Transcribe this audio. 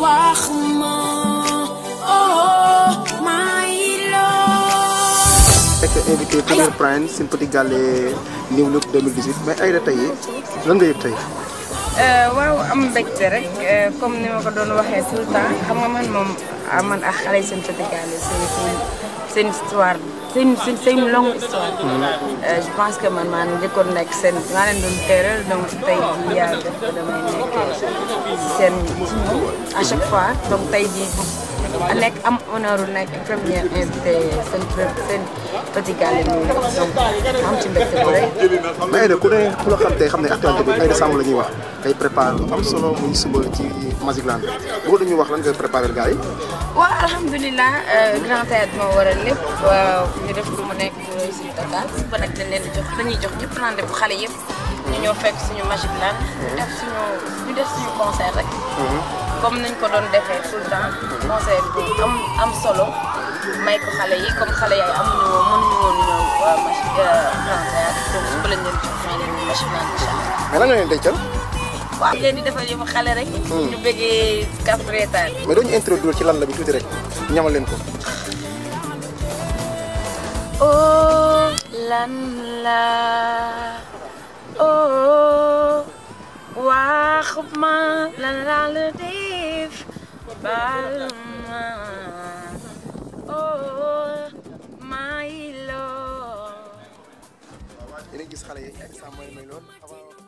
wax ma oh my love. fekk invité ah, Premier Prime seen petit gàllé New Look 2018 mais ay la tey lan nga yëg tey. Euh, waaw am mbégte rek euh, comme ni ma ko doon waxee tout le temps xam nga man moom ah, man ak ah, xale seen petit gàllé seen une histoire c'est une c'est une longue histoire. Euh, je pense que man je connais que c'est une grande terre, donc tey jii yaa manière que c'est à chaque fois donc tey dit. nekk am honneur nekk première invité seen seen petit gàllé ci mbégte bu rëy. ku ne ku la xam te xam ne actualité bi Aïda Samb la ñuy wax tey préparé lu am solo muy suba ci Magic Land boo dañuy wax lan nga préparé gars yi. waaw alhamdulilah euh, grand théâtre moo waral lépp ñu def lu mu nekk réussite totale suba nag dañ leen di jox dañuy jox ñëpp rendez-vous xale yëpp. ñu Magic Land. def suñu ñu concert rek. Mm-hmm. comme nañ ko doon defee tout temps concert bu am am solo may ko xale yi comme xale yaay amuñu woon mënuñu woon ñëw euh, machine concert machine ak incha allah. lan la di defal yëfu xale rek. Hmm. ñu bëggee cap reetaan. mais doo introduire ci lan la bi tuuti rek ko. Oh lan la oh waaxub ma lan laa la dee. baal ma oh my love. yéen a ngi gis xale yi ak saa mooy may lool.